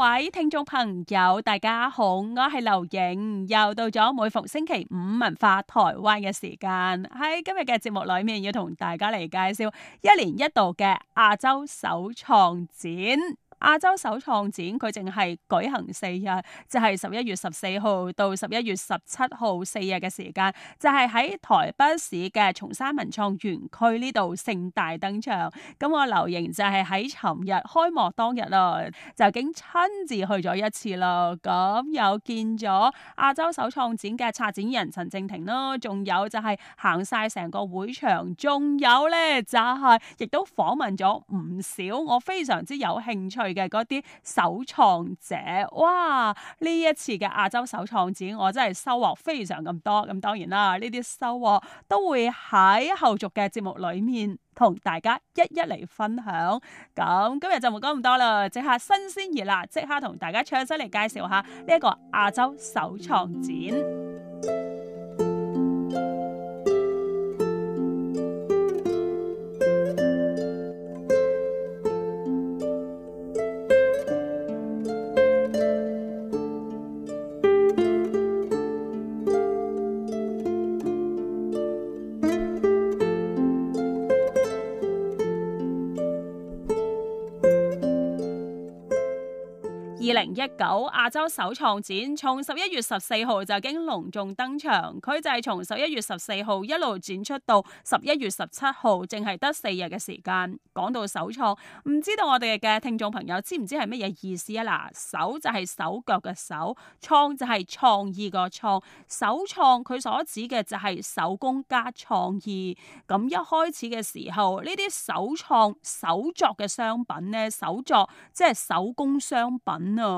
各位聽眾朋友，大家好，我係劉瑩，又到咗每逢星期五文化台灣嘅時間，喺今日嘅節目裏面，要同大家嚟介紹一年一度嘅亞洲手創展。亞洲手創展佢淨係舉行四日，就係十一月十四號到十一月十七號四日嘅時間，就係、是、喺台北市嘅松山文創園區呢度盛大登場。咁我留瑩就係喺尋日開幕當日咯，就已經親自去咗一次咯。咁又見咗亞洲手創展嘅策展人陳靜婷咯，仲有就係行晒成個會場，仲有咧就係、是、亦都訪問咗唔少，我非常之有興趣。嘅嗰啲手創者，哇！呢一次嘅亞洲手創展，我真係收穫非常咁多。咁當然啦，呢啲收穫都會喺後續嘅節目裏面同大家一一嚟分享。咁今日就冇講咁多啦，即刻新鮮熱辣，即刻同大家搶先嚟介紹下呢一個亞洲手創展。二零一九亞洲手創展，從十一月十四號就已經隆重登場，佢就係從十一月十四號一路展出到十一月十七號，淨係得四日嘅時間。講到手創，唔知道我哋嘅聽眾朋友知唔知係乜嘢意思啊？嗱，手就係手腳嘅手，創就係創意個創，手創佢所指嘅就係手工加創意。咁一開始嘅時候，呢啲手創手作嘅商品呢，手作即係手工商品啊。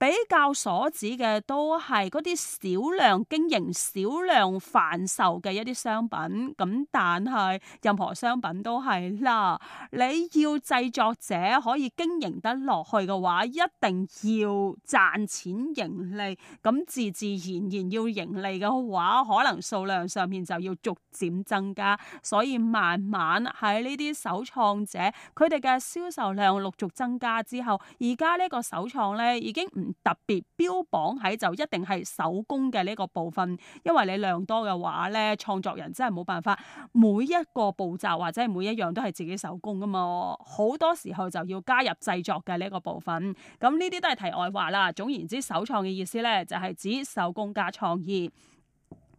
比較所指嘅都係嗰啲少量經營、少量販售嘅一啲商品，咁但係任何商品都係啦。你要製作者可以經營得落去嘅話，一定要賺錢盈利，咁自自然然要盈利嘅話，可能數量上面就要逐漸增加。所以慢慢喺呢啲首創者，佢哋嘅銷售量陸續增加之後，而家呢個首創呢已經唔特別標榜喺就一定係手工嘅呢個部分，因為你量多嘅話呢，創作人真係冇辦法，每一個步驟或者每一樣都係自己手工噶嘛，好多時候就要加入製作嘅呢個部分。咁呢啲都係題外話啦。總言之，手創嘅意思呢就係指手工加創意。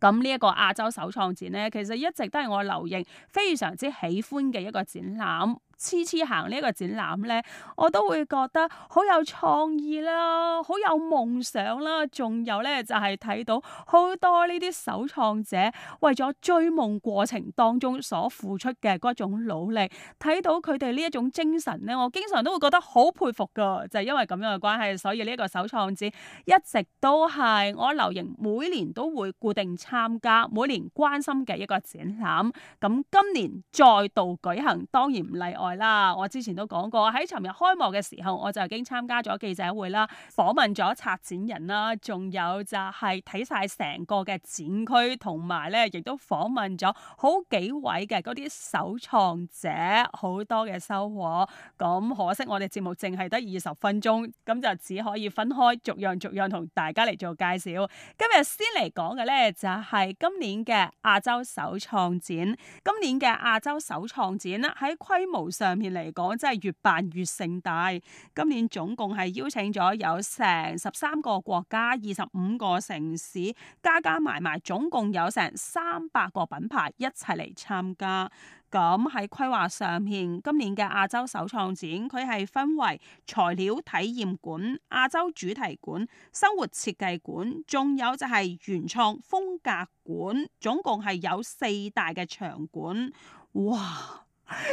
咁呢一個亞洲手創展呢，其實一直都係我留意非常之喜歡嘅一個展覽。次次行呢個展覽咧，我都會覺得好有創意啦，好有夢想啦，仲有咧就係、是、睇到好多呢啲首創者為咗追夢過程當中，所付出嘅種努力，睇到佢哋呢一種精神咧，我經常都會覺得好佩服噶。就是、因為咁樣嘅關係，所以呢一個首創展一直都係我劉盈每年都會固定參加，每年關心嘅一個展覽，咁今年再度舉行，當然唔例外。啦，我之前都講過喺尋日開幕嘅時候，我就已經參加咗記者會啦，訪問咗策展人啦，仲有就係睇晒成個嘅展區，同埋咧亦都訪問咗好幾位嘅嗰啲手創者，好多嘅收穫。咁可惜我哋節目淨係得二十分鐘，咁就只可以分開逐樣逐樣同大家嚟做介紹。今日先嚟講嘅呢，就係今年嘅亞洲手創展，今年嘅亞洲手創展咧喺規模上面嚟講，真係越辦越盛大。今年總共係邀請咗有成十三個國家、二十五個城市，加加埋埋總共有成三百個品牌一齊嚟參加。咁喺規劃上面，今年嘅亞洲手創展，佢係分為材料體驗館、亞洲主題館、生活設計館，仲有就係原創風格館，總共係有四大嘅場館。哇！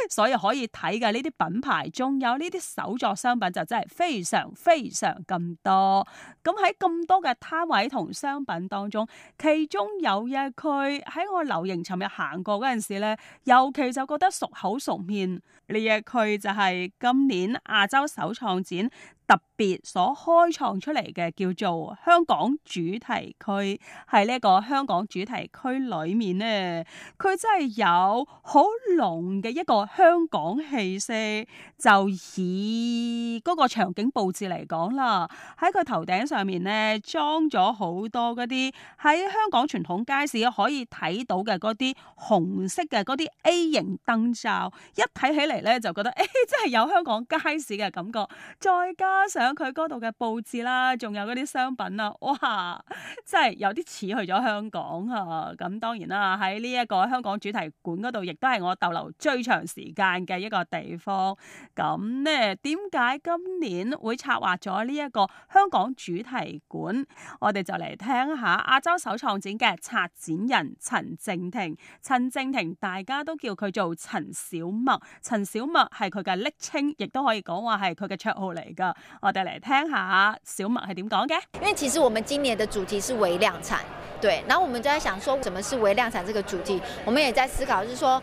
所以可以睇嘅呢啲品牌中有呢啲手作商品就真係非常非常咁多。咁喺咁多嘅攤位同商品當中，其中有一區喺我留形尋日行過嗰陣時呢，尤其就覺得熟口熟面呢一區就係今年亞洲手創展。特別所開創出嚟嘅叫做香港主題區，係呢個香港主題區裏面咧，佢真係有好濃嘅一個香港氣息。就以個場景布置嚟講啦，喺佢頭頂上面咧裝咗好多啲喺香港傳統街市可以睇到嘅啲紅色嘅啲 A 型燈罩，一睇起嚟咧就覺得誒、哎、真係有香港街市嘅感覺。再加加上佢嗰度嘅佈置啦，仲有嗰啲商品啊，哇！真係有啲似去咗香港啊！咁當然啦，喺呢一個香港主題館嗰度，亦都係我逗留最長時間嘅一個地方。咁咧，點解今年會策劃咗呢一個香港主題館？我哋就嚟聽下亞洲首創展嘅策展人陳靜婷，陳靜婷大家都叫佢做陳小墨。陳小墨係佢嘅昵稱，亦都可以講話係佢嘅綽號嚟噶。我哋嚟聽一下小麥係點講嘅。因為其實我們今年的主題是微量產。對，然後我們就在想說，什麼是微量產？這個主題，我們也在思考，就是說。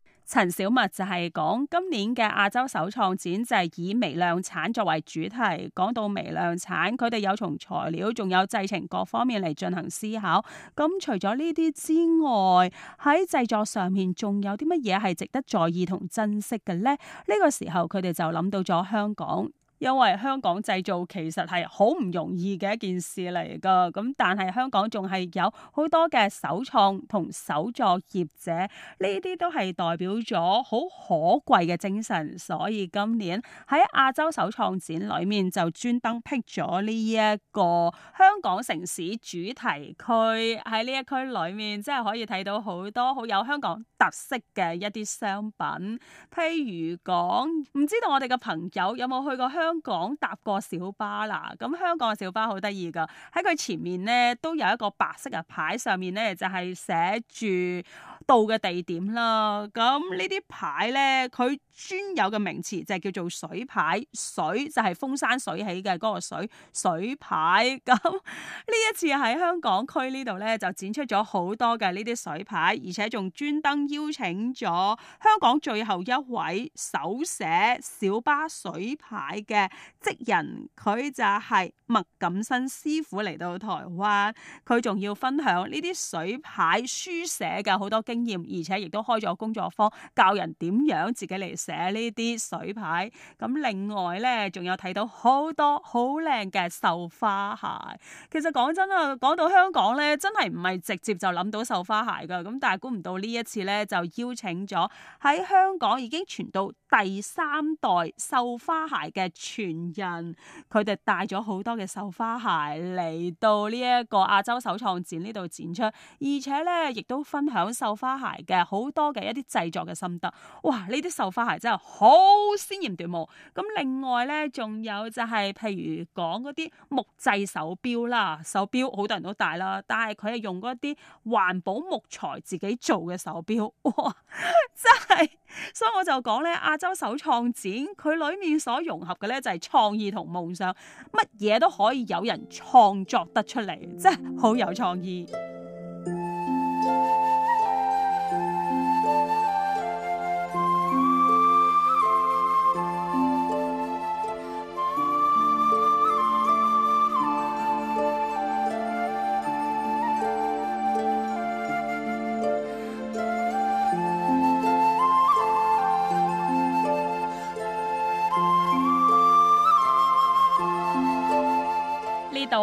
陳小麥就係講今年嘅亞洲手創展就係以微量產作為主題。講到微量產，佢哋有從材料仲有製程各方面嚟進行思考。咁除咗呢啲之外，喺製作上面仲有啲乜嘢係值得在意同珍惜嘅呢？呢、呢個時候佢哋就諗到咗香港。因為香港製造其實係好唔容易嘅一件事嚟㗎，咁但係香港仲係有好多嘅手創同手作業者，呢啲都係代表咗好可貴嘅精神。所以今年喺亞洲手創展裡面就專登辟咗呢一個香港城市主題區，喺呢一區裡面真係可以睇到好多好有香港特色嘅一啲商品，譬如講，唔知道我哋嘅朋友有冇去過香港。香港搭過小巴啦，咁香港嘅小巴好得意噶。喺佢前面咧，都有一個白色嘅牌，上面咧就係寫住到嘅地點啦。咁、嗯、呢啲牌咧，佢專有嘅名詞就係叫做水牌，水就係風生水起嘅個水水牌。咁呢一次喺香港區呢度咧，就展出咗好多嘅呢啲水牌，而且仲專登邀請咗香港最後一位手寫小巴水牌嘅。職人佢就係麥錦生師傅嚟到台灣，佢仲要分享呢啲水牌書寫嘅好多經驗，而且亦都開咗工作坊教人點樣自己嚟寫呢啲水牌。咁另外呢，仲有睇到好多好靚嘅繡花鞋。其實講真啊，講到香港呢，真係唔係直接就諗到繡花鞋噶。咁但係估唔到呢一次呢，就邀請咗喺香港已經傳到。第三代繡花鞋嘅傳人，佢哋帶咗好多嘅繡花鞋嚟到呢一個亞洲手創展呢度展出，而且呢，亦都分享繡花鞋嘅好多嘅一啲製作嘅心得。哇！呢啲繡花鞋真係好鮮豔奪目。咁另外呢，仲有就係譬如講嗰啲木製手錶啦，手錶好多人都戴啦，但係佢係用嗰啲環保木材自己做嘅手錶，哇！真係～所以我就講咧，亞洲手創展，佢裏面所融合嘅咧就係創意同夢想，乜嘢都可以有人創作得出嚟，真係好有創意。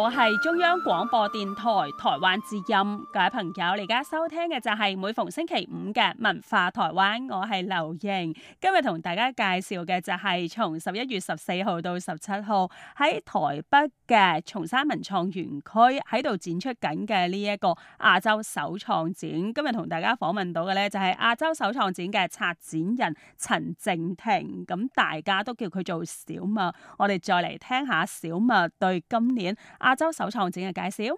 我係中央廣播電台台灣之音，各位朋友，你而家收聽嘅就係每逢星期五，嘅文化台灣，我係劉瑩，今日同大家介紹嘅就係從十一月十四號到十七號喺台北嘅松山文創園區喺度展出緊嘅呢一個亞洲手創展。今日同大家訪問到嘅咧就係亞洲手創展嘅策展人陳靜婷，咁大家都叫佢做小物。我哋再嚟聽下小物對今年亞洲手創展嘅介紹。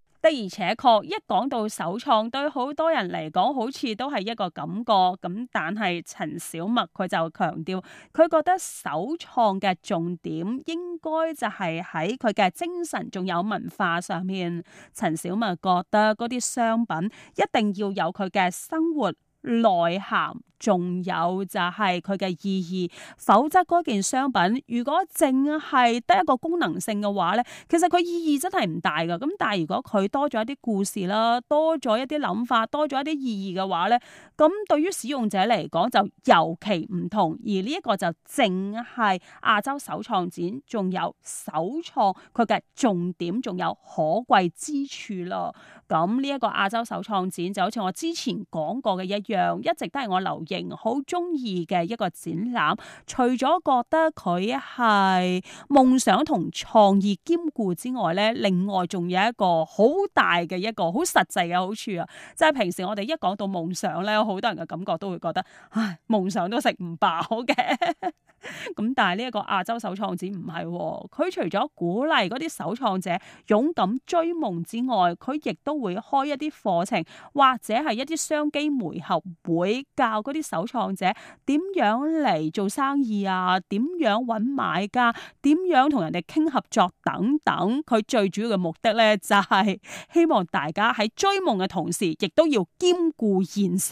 的而且確，一講到手創，對好多人嚟講好似都係一個感覺。咁但係陳小麥佢就強調，佢覺得手創嘅重點應該就係喺佢嘅精神，仲有文化上面。陳小麥覺得嗰啲商品一定要有佢嘅生活內涵。仲有就係佢嘅意義，否則嗰件商品如果淨係得一個功能性嘅話咧，其實佢意義真係唔大嘅。咁但係如果佢多咗一啲故事啦，多咗一啲諗法，多咗一啲意義嘅話咧，咁對於使用者嚟講就尤其唔同。而呢一個就淨係亞洲手創展，仲有手創佢嘅重點仲有可貴之處咯。咁呢一個亞洲手創展就好似我之前講過嘅一樣，一直都係我留意，好中意嘅一個展覽，除咗覺得佢係夢想同創意兼顧之外呢，另外仲有一個好大嘅一個好實際嘅好處啊，即係平時我哋一講到夢想咧，好多人嘅感覺都會覺得，唉，夢想都食唔飽嘅。 咁但係呢一個亞洲手創展唔係喎，佢除咗鼓勵嗰啲手創者勇敢追夢之外，佢亦都會開一啲課程，或者係一啲商機媒合會，教嗰啲手創者點樣嚟做生意啊，點樣揾買家，點樣同人哋傾合作等等。佢最主要嘅目的呢，就係希望大家喺追夢嘅同時，亦都要兼顧現實。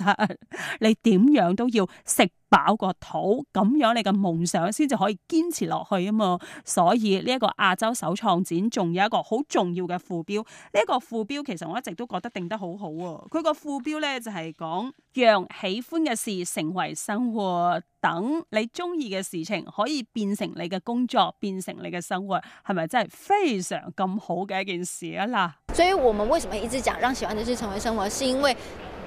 你點樣都要食飽個肚，咁樣你嘅夢想先至可以堅持落去啊嘛！所以呢一個亞洲首創展，仲有一個好重要嘅副標，呢一個副標其實我一直都覺得定得好好喎！佢個副標呢，就係講讓喜歡嘅事成為生活，等你中意嘅事情可以變成你嘅工作，變成你嘅生活，係咪真係非常咁好嘅一件事啊？嗱，所以我們為什麼一直講讓喜歡嘅事成為生活，是因為？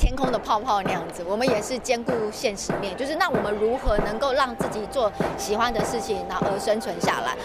天空的泡泡那樣子，我們也是兼顧現實面，就是那我們如何能夠讓自己做喜歡的事情，然後而生存下來。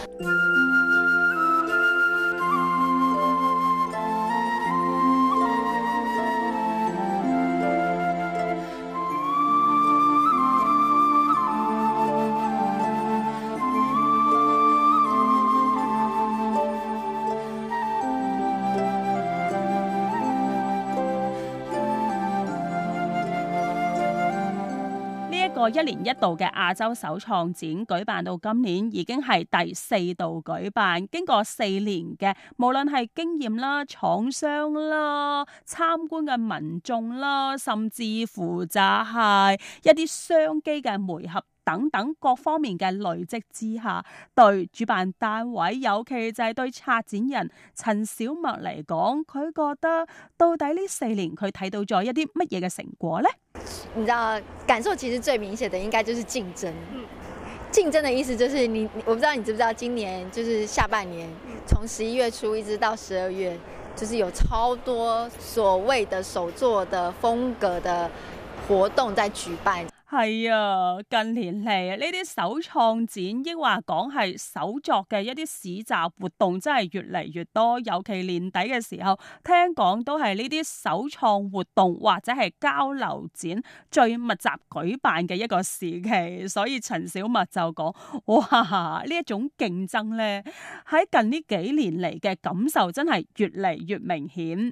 一年一度嘅亞洲手創展舉辦到今年已經係第四度舉辦，經過四年嘅，無論係經驗啦、廠商啦、參觀嘅民眾啦，甚至乎就係一啲商機嘅媒合。等等各方面嘅累積之下，對主辦單位，尤其就係對策展人陳小麥嚟講，佢覺得到底呢四年佢睇到咗一啲乜嘢嘅成果呢？你知道，感受其實最明顯的應該就是競爭。競爭的意思就是你，我不知道你知唔知道，今年就是下半年，從十一月初一直到十二月，就是有超多所謂的手作的風格的活動在舉辦。係啊，近年嚟，呢啲首創展，亦話講係手作嘅一啲市集活動，真係越嚟越多。尤其年底嘅時候，聽講都係呢啲首創活動或者係交流展最密集舉辦嘅一個時期。所以陳小麥就講，哇，競呢一種競爭咧，喺近呢幾年嚟嘅感受真係越嚟越明顯。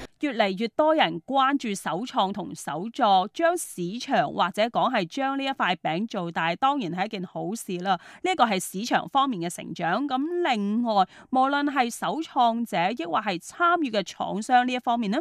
越嚟越多人關注手創同手作，將市場或者講係將呢一塊餅做大，當然係一件好事啦。呢、這、一個係市場方面嘅成長。咁另外，無論係手創者亦或係參與嘅廠商呢一方面呢？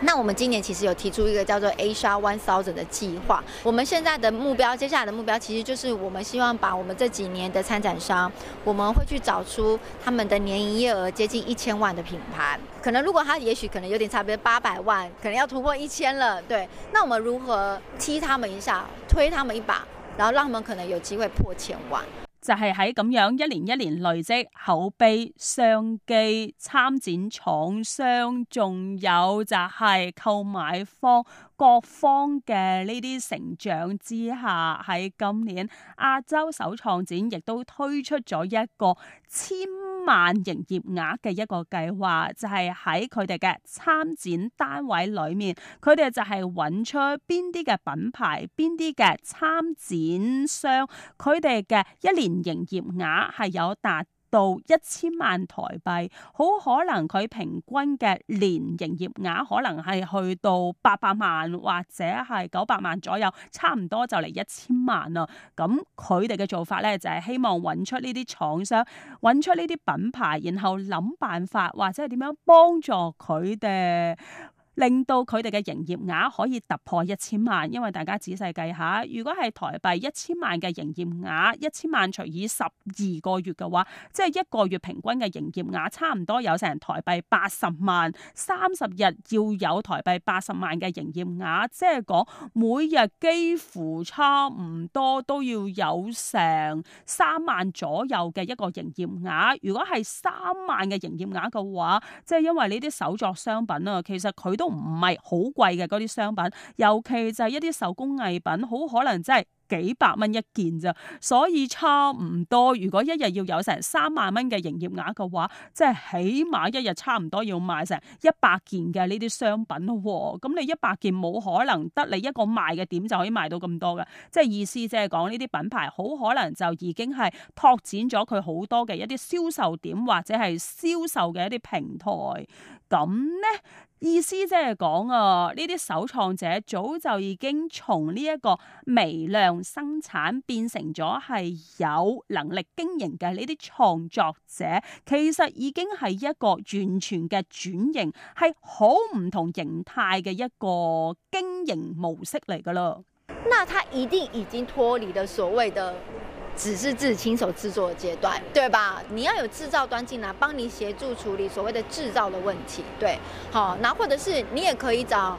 那我們今年其實有提出一個叫做 Asia One Thousand 的計劃。我們現在的目標，接下來的目標，其實就是我們希望把我們這幾年的參展商，我們會去找出他們的年營業額接近一千萬的品牌。可能如果他也許可能有點差別，八百萬可能要突破一千了，對，那我們如何踢他們一下，推他們一把，然後讓他們可能有機會破千萬？就係喺咁樣一年一年累積口碑、商機、參展廠商、仲有就係購買方。各方嘅呢啲成長之下，喺今年亞洲手創展亦都推出咗一個千萬營業額嘅一個計劃，就係喺佢哋嘅參展單位裏面，佢哋就係揾出邊啲嘅品牌、邊啲嘅參展商，佢哋嘅一年營業額係有達到一千萬台幣，好可能佢平均嘅年營業額可能係去到八百萬或者係九百萬左右，差唔多就嚟一千萬啦。咁佢哋嘅做法呢，就係希望揾出呢啲廠商，揾出呢啲品牌，然後諗辦法或者係點樣幫助佢哋。令到佢哋嘅營業額可以突破一千萬，因為大家仔細計下，如果係台幣一千萬嘅營業額，一千萬除以十二個月嘅話，即係一個月平均嘅營業額差唔多有成台幣八十萬，三十日要有台幣八十萬嘅營業額，即係講每日幾乎差唔多都要有成三萬左右嘅一個營業額，如果係三萬嘅營業額嘅話，即係因為呢啲手作商品啊，其實佢都。都唔係好貴嘅嗰啲商品，尤其就係一啲手工藝品，好可能真係。幾百蚊一件咋，所以差唔多。如果一日要有成三萬蚊嘅營業額嘅話，即係起碼一日差唔多要賣成一百件嘅呢啲商品喎。咁你一百件冇可能得你一個賣嘅，點就可以賣到咁多嘅？即係意思即係講呢啲品牌好可能就已經係拓展咗佢好多嘅一啲銷售點或者係銷售嘅一啲平台。咁呢意思即係講啊，呢啲手創者早就已經從呢一個微量。生產變成咗係有能力經營嘅呢啲創作者，其實已經係一個完全嘅轉型，係好唔同形態嘅一個經營模式嚟噶咯，那他一定已經脫離咗所謂的只是自己親手製作嘅階段，對吧？你要有製造端進來幫你協助處理所謂的製造的問題，對，好，那或者是你也可以找。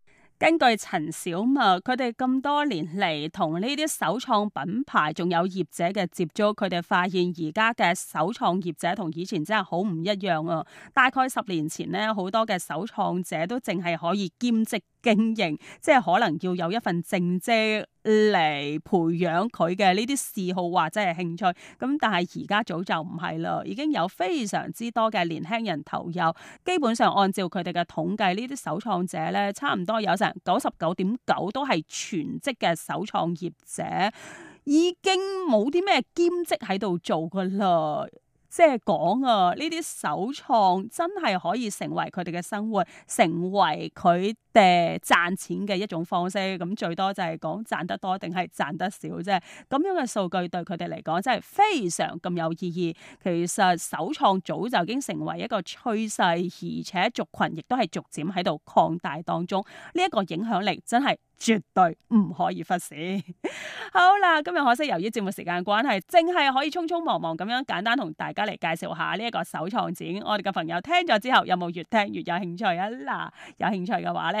根據陳小麥，佢哋咁多年嚟同呢啲手創品牌仲有業者嘅接觸，佢哋發現而家嘅手創業者同以前真係好唔一樣啊！大概十年前呢，好多嘅手創者都淨係可以兼職。經營即係可能要有一份正職嚟培養佢嘅呢啲嗜好或者係興趣。咁但係而家早就唔係啦，已經有非常之多嘅年輕人投入。基本上按照佢哋嘅統計，呢啲手創者呢，差唔多有成九十九點九都係全職嘅手創業者，已經冇啲咩兼職喺度做噶啦。即係講啊，呢啲手創真係可以成為佢哋嘅生活，成為佢。誒賺錢嘅一種方式，咁最多就係講賺得多定係賺得少啫。咁樣嘅數據對佢哋嚟講真係非常咁有意義。其實手創早就已經成為一個趨勢，而且族群亦都係逐漸喺度擴大當中。呢一個影響力真係絕對唔可以忽視。 好啦，今日可惜由於節目時間關係，淨係可以匆匆忙忙咁樣簡單同大家嚟介紹下呢一個手創展。我哋嘅朋友聽咗之後有冇越聽越有興趣啊？嗱，有興趣嘅話呢。